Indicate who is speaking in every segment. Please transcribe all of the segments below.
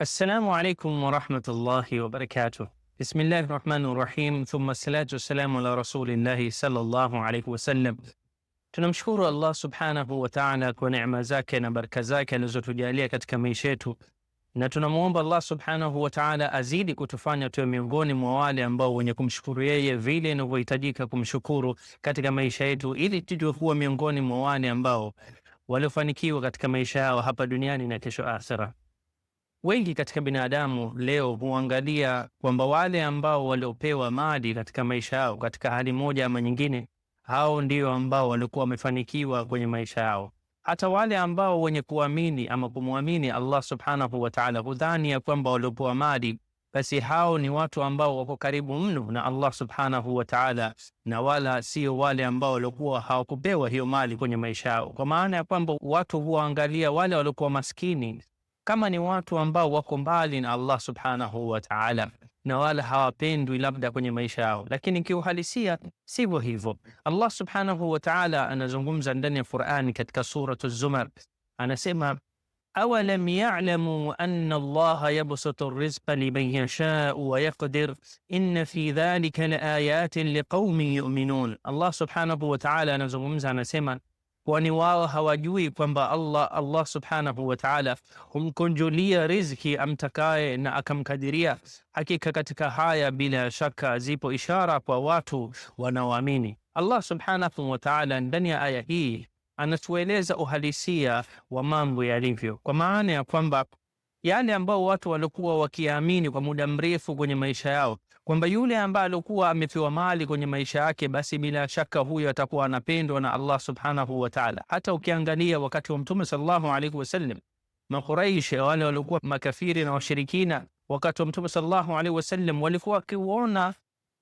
Speaker 1: Assalamu alaikum warahmatullahi wabarakatuh. Bismillahi rahmani rahim, thumma salatu wassalamu ala rasulillahi sallallahu alaihi wasallam. Tunamshukuru Allah subhanahu wa ta'ala kwa neema zake na baraka zake alizotujalia katika maisha yetu, na tunamwomba Allah subhanahu wa ta'ala azidi kutufanya tuwe miongoni mwa wale ambao wenye kumshukuru yeye vile inavyohitajika kumshukuru katika maisha yetu, ili tujue kuwa miongoni mwa wale ambao waliofanikiwa katika maisha yao hapa duniani na kesho akhera. Wengi katika binadamu leo huangalia kwamba wale ambao waliopewa mali katika maisha yao katika hali moja ama nyingine, hao ndio ambao walikuwa wamefanikiwa kwenye maisha yao. Hata wale ambao wenye kuamini ama kumwamini Allah subhanahu wa ta'ala hudhani ya kwamba waliopewa mali basi hao ni watu ambao wako karibu mno na Allah subhanahu wa ta'ala, na wala sio wale ambao waliokuwa hawakupewa hiyo mali kwenye maisha yao, kwa maana ya kwamba watu huwaangalia wale waliokuwa maskini kama ni watu ambao wako mbali na Allah subhanahu wa ta'ala na wala hawapendwi labda kwenye maisha yao, lakini kiuhalisia sivyo hivyo. Allah subhanahu wa ta'ala anazungumza ndani ya Qur'ani katika suratu Zumar, anasema awalam ya'lamu anna Allah yabsutu rizqa liman yasha'u wa yaqdir in fi dhalika laayatin liqaumin yu'minun. Allah subhanahu wa ta'ala anazungumza, anasema kwani wao hawajui kwamba Allah, Allah subhanahu wa ta'ala humkunjulia riziki amtakaye na akamkadiria. Hakika katika haya bila shaka zipo ishara kwa watu wanaoamini. Allah subhanahu wa ta'ala ndani ya aya hii anatueleza uhalisia wa mambo yalivyo, kwa maana ya kwamba yale ambao watu walikuwa wakiamini kwa muda mrefu kwenye maisha yao kwamba yule ambaye alikuwa amepewa mali kwenye maisha yake, basi bila shaka huyo atakuwa anapendwa na Allah subhanahu wa ta'ala. Hata ukiangalia wakati wa Mtume sallallahu alaihi wasallam, Makuraish wale waliokuwa makafiri na washirikina wakati wa Mtume sallallahu alaihi wasallam walikuwa wakiuona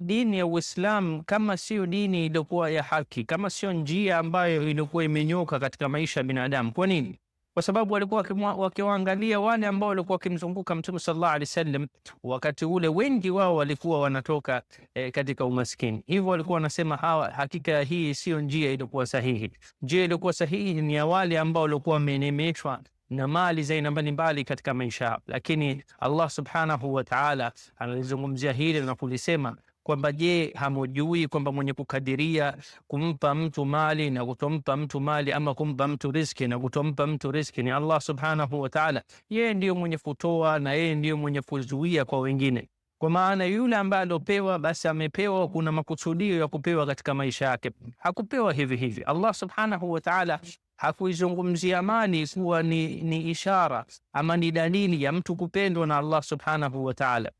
Speaker 1: dini ya Uislamu kama sio dini iliyokuwa ya haki, kama sio njia ambayo ilikuwa imenyoka katika maisha ya binadamu. Kwa nini? kwa sababu walikuwa wakiwaangalia wale ambao walikuwa wakimzunguka Mtume sallallahu alaihi wasallam wakati ule, wengi wao walikuwa wanatoka e, katika umaskini. Hivyo walikuwa wanasema hawa, hakika hii sio njia iliyokuwa sahihi. Njia iliyokuwa sahihi ni ya wale ambao walikuwa wamenemeshwa na mali za aina mbalimbali katika maisha yao, lakini Allah subhanahu wa ta'ala analizungumzia hili na kulisema kwamba je, hamujui kwamba mwenye kukadiria kumpa mtu mali na kutompa mtu mali ama kumpa mtu riski na kutompa mtu riski ni Allah subhanahu wa ta'ala. Yeye ndiyo mwenye kutoa na yeye ndiyo mwenye kuzuia kwa wengine, kwa maana yule ambaye alopewa, basi amepewa, kuna makusudio ya kupewa katika maisha yake, hakupewa hivi hivi. Allah subhanahu wa ta'ala hakuizungumzia mali kuwa ni, ni ishara ama ni dalili ya mtu kupendwa na Allah subhanahu wa ta'ala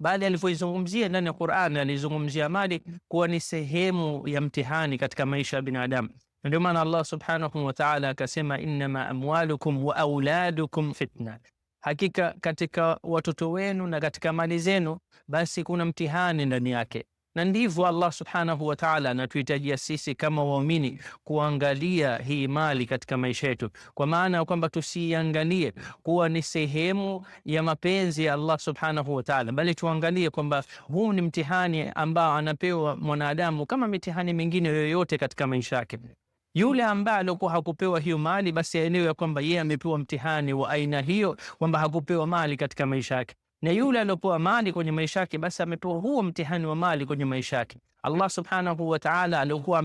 Speaker 1: bali alivyoizungumzia ndani ya Qur'an alizungumzia mali kuwa ni sehemu ya mtihani katika maisha ya binadamu. Ndio maana Allah subhanahu wa ta'ala akasema, innama amwalukum wa auladukum fitna, hakika katika watoto wenu na katika mali zenu basi kuna mtihani ndani yake na ndivyo Allah subhanahu wa taala anatuhitajia sisi kama waumini kuangalia hii mali katika maisha yetu, kwa maana ya kwamba tusiangalie kuwa ni sehemu ya mapenzi ya Allah subhanahu wa taala, bali tuangalie kwamba huu ni mtihani ambao anapewa mwanadamu kama mitihani mingine yoyote katika maisha yake. Yule ambaye aliokuwa hakupewa hiyo mali, basi aelewe ya kwamba yeye amepewa mtihani wa aina hiyo, kwamba hakupewa mali katika maisha yake na yule aliopewa mali kwenye maisha yake, basi amepewa huo mtihani wa mali kwenye maisha yake. Allah subhanahu wa ta'ala aliokuwa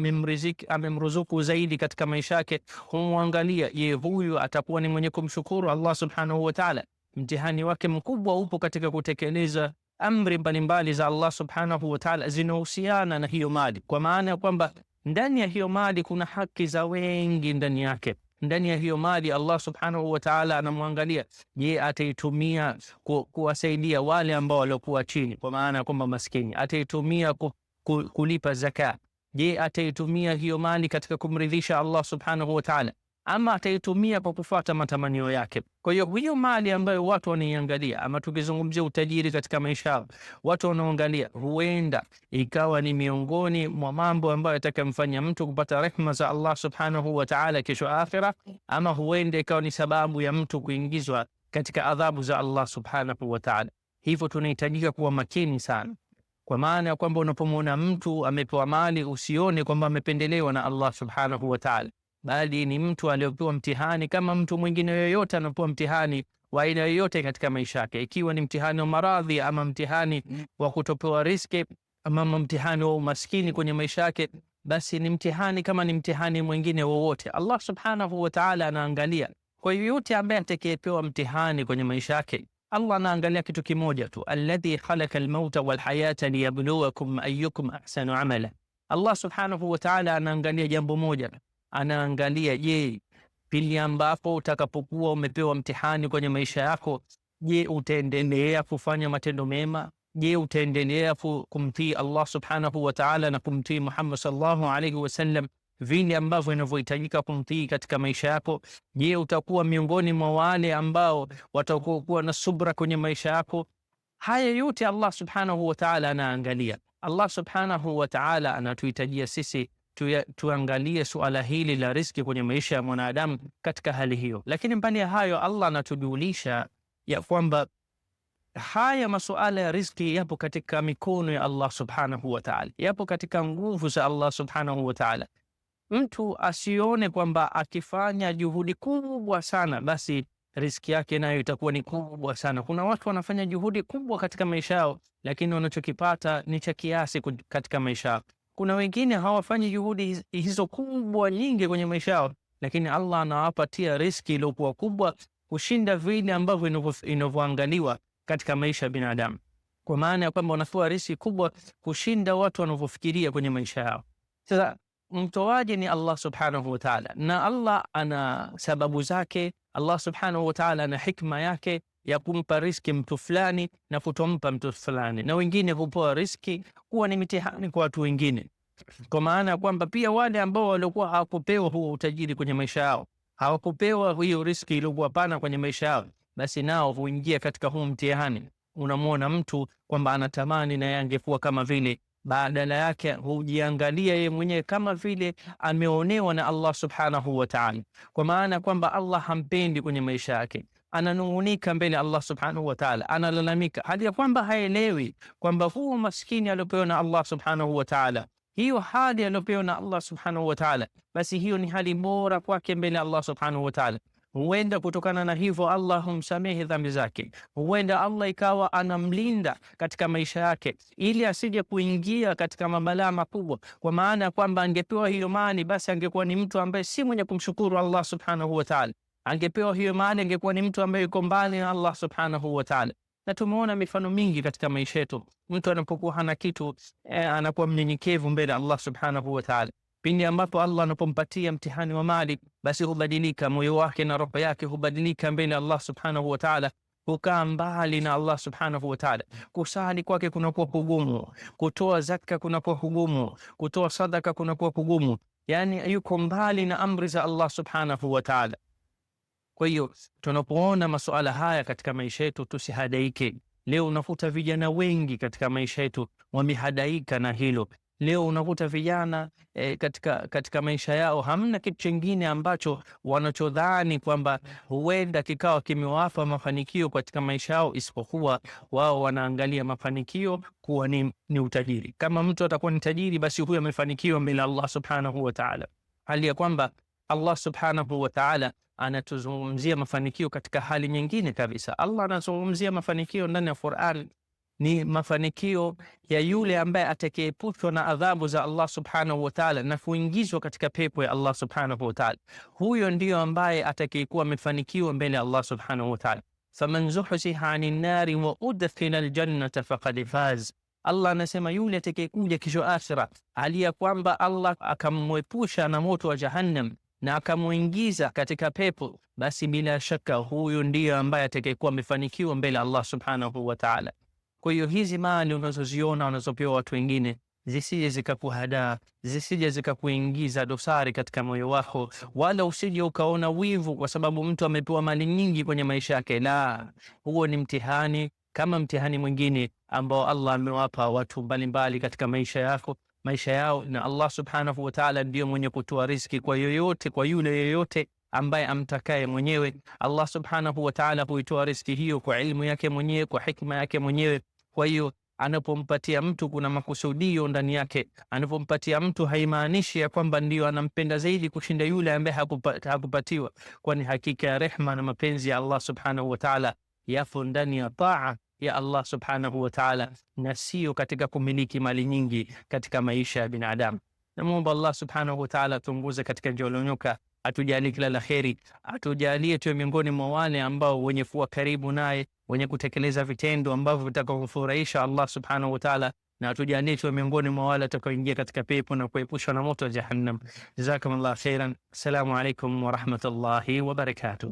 Speaker 1: amemruzuku zaidi katika maisha yake humwangalia, ye huyu atakuwa ni mwenye kumshukuru Allah subhanahu wa ta'ala? Mtihani wake mkubwa upo katika kutekeleza amri mbalimbali za Allah subhanahu wa ta'ala zinahusiana na hiyo mali, kwa maana ya kwamba ndani ya hiyo mali kuna haki za wengi ndani yake ndani ya hiyo mali Allah subhanahu wa ta'ala anamwangalia, je, ataitumia ku, kuwasaidia wale ambao waliokuwa chini, kwa maana ya kwamba maskini. Ataitumia ku, ku, kulipa zaka. Je, ataitumia hiyo mali katika kumridhisha Allah subhanahu wa ta'ala ama ataitumia kwa kufuata matamanio yake. Kwa hiyo hiyo mali ambayo watu wanaiangalia, ama tukizungumzia utajiri katika maisha yao, watu wanaangalia, huenda ikawa ni miongoni mwa mambo ambayo yatakamfanya mtu kupata rehma za Allah subhanahu wa ta'ala kesho akhira, ama huenda ikawa ni sababu ya mtu kuingizwa katika adhabu za Allah subhanahu wa ta'ala. Hivyo tunahitajika kuwa makini sana, kwa maana ya kwamba unapomwona mtu amepewa mali usione kwamba amependelewa na Allah subhanahu wa ta'ala bali ni mtu aliyopewa mtihani kama mtu mwingine yoyote anapewa mtihani wa aina yoyote katika maisha yake, ikiwa ni mtihani wa maradhi ama mtihani wa kutopewa riski ama mtihani wa umaskini kwenye maisha yake, basi ni mtihani kama ni mtihani mwingine wowote. Allah subhanahu wa ta'ala anaangalia kwa yoyote ambaye atakayepewa mtihani kwenye maisha yake, Allah anaangalia kitu kimoja tu, alladhi khalaqa almauta walhayata liyabluwakum ayyukum ahsanu amala. Allah subhanahu wa ta'ala anaangalia jambo moja anaangalia je, pili ambapo utakapokuwa umepewa mtihani kwenye maisha yako, je, utaendelea kufanya matendo mema? Je, utaendelea kumtii Allah subhanahu wa ta'ala na kumtii Muhammad sallallahu alaihi wasallam vile ambavyo inavyohitajika kumtii katika maisha yako? Je, utakuwa miongoni mwa wale ambao watakuwa na subra kwenye maisha yako? Haya yote Allah subhanahu wa ta'ala anaangalia. Allah subhanahu wa ta'ala anatuhitajia sisi tuangalie suala hili la riski kwenye maisha ya mwanadamu katika hali hiyo. Lakini mbali ya hayo, Allah anatujulisha ya kwamba haya masuala ya riski yapo katika mikono ya Allah subhanahu wa ta'ala, yapo katika nguvu za Allah subhanahu wa ta'ala. Mtu asione kwamba akifanya juhudi kubwa sana basi riski yake nayo itakuwa ni kubwa sana. Kuna watu wanafanya juhudi kubwa katika maisha yao, lakini wanachokipata ni cha kiasi katika maisha yao kuna wengine hawafanyi juhudi hizo kubwa nyingi kwenye maisha yao, lakini Allah anawapatia riski iliyokuwa kubwa kushinda vile ambavyo inavyoangaliwa katika maisha ya binadamu, kwa maana ya kwamba wanapewa riski kubwa kushinda watu wanavyofikiria kwenye maisha yao. Sasa mtoaji ni Allah subhanahu wa ta'ala, na Allah ana sababu zake. Allah subhanahu wa ta'ala ana hikma yake ya kumpa riski mtu fulani na kutompa mtu fulani, na wengine hupewa riski kuwa ni mitihani kwa watu wengine, kwa maana ya kwamba pia wale ambao walikuwa hawakupewa huo utajiri kwenye maisha yao, hawakupewa hiyo riski iliyokuwa pana kwenye maisha yao, basi nao huingia katika huu mtihani. Unamwona mtu kwamba anatamani naye angekuwa kama vile badala yake hujiangalia yeye mwenyewe kama vile ameonewa na Allah subhanahu wa ta'ala, kwa maana kwamba Allah hampendi kwenye maisha yake ananungunika mbele Allah subhanahu wa ta'ala, analalamika hali ya kwamba haelewi kwamba huo maskini aliopewa na Allah subhanahu wa ta'ala, hiyo hali aliopewa na Allah subhanahu wa ta'ala, basi hiyo ni hali bora kwake mbele Allah subhanahu wa ta'ala. Huenda kutokana na hivyo Allah humsamehe dhambi zake, huenda Allah ikawa anamlinda katika maisha yake ili asije kuingia katika mabalaa makubwa, kwa maana ya kwamba angepewa hiyo mali, basi angekuwa ni mtu ambaye si mwenye kumshukuru Allah subhanahu wa ta'ala angepewa hiyo mali angekuwa ni mtu ambaye yuko mbali na Allah subhanahu wa ta'ala. Na tumeona mifano mingi katika maisha yetu, mtu anapokuwa hana kitu eh, anakuwa mnyenyekevu mbele Allah subhanahu wa ta'ala. Pindi ambapo Allah anapompatia mtihani wa mali, basi hubadilika moyo wake na roho yake hubadilika mbele Allah subhanahu wa ta'ala kukaa mbali na Allah subhanahu wa ta'ala, kusali kwake kunakuwa kugumu, kutoa zaka kunakuwa kugumu, kutoa sadaka kunakuwa kugumu, yani yuko mbali na amri za Allah subhanahu wa ta'ala. Kwa hiyo tunapoona masuala haya katika maisha yetu tusihadaike. Leo unakuta vijana wengi katika maisha yetu wamehadaika na hilo. Leo unakuta vijana e, katika, katika maisha yao hamna kitu chingine ambacho wanachodhani kwamba huenda kikawa kimewapa mafanikio katika maisha yao, isipokuwa wao wanaangalia mafanikio kuwa ni, ni utajiri. Kama mtu atakuwa ni tajiri, basi huyo amefanikiwa mbele Allah subhanahu wataala, hali ya kwamba Allah subhanahu wataala anatuzungumzia mafanikio katika hali nyingine kabisa. Allah anazungumzia mafanikio ndani ya Qur'an ni mafanikio ya yule ambaye atakayeepushwa na adhabu za Allah subhanahu wa ta'ala na kuingizwa katika pepo ya Allah subhanahu wa ta'ala. Huyo ndiyo ambaye atakayekuwa amefanikiwa mbele ya Allah subhanahu wa ta'ala. faman zuhziha anin nari wa udkhila aljannata faqad faz. Allah anasema yule atakayekuja kesho akhira, hali kwamba Allah akamwepusha na moto wa jahannam na akamwingiza katika pepo, basi bila shaka huyu ndiyo ambaye atakayekuwa amefanikiwa mbele Allah subhanahu wa ta'ala. Kwa hiyo hizi mali unazoziona unazopewa watu wengine zisije zikakuhadaa, zisije zikakuingiza dosari katika moyo wako, wala usije ukaona wivu kwa sababu mtu amepewa mali nyingi kwenye maisha yake. La, huo ni mtihani kama mtihani mwingine ambao Allah amewapa watu mbalimbali katika maisha yako, maisha yao, na Allah subhanahu wa ta'ala ndio mwenye kutoa riziki kwa yoyote, kwa yule yoyote ambaye amtakaye mwenyewe. Allah subhanahu wa ta'ala huitoa riziki hiyo kwa ilmu yake mwenyewe, kwa hikma yake mwenyewe. Kwa hiyo anapompatia mtu kuna makusudio ndani yake. Anapompatia mtu haimaanishi ya kwamba ndiyo anampenda zaidi kushinda yule ambaye hakupatiwa, kwani hakika ya rehma na mapenzi ya Allah subhanahu wa ta'ala yafo ndani ya taa ya Allah subhanahu wa ta'ala, na sio katika kumiliki mali nyingi katika maisha ya binadamu. Namwomba Allah subhanahu wa ta'ala atunguze katika njia iliyonyooka, atujalie kila la kheri, atujalie tuwe miongoni mwa wale ambao wenye kuwa karibu naye, wenye kutekeleza vitendo ambavyo vitakavyofurahisha Allah subhanahu wa ta'ala na atujalie tuwe miongoni mwa wale watakaoingia katika pepo na kuepushwa na moto wa Jahannam. Jazakumullah khairan. Assalamu alaikum warahmatullahi wabarakatuh.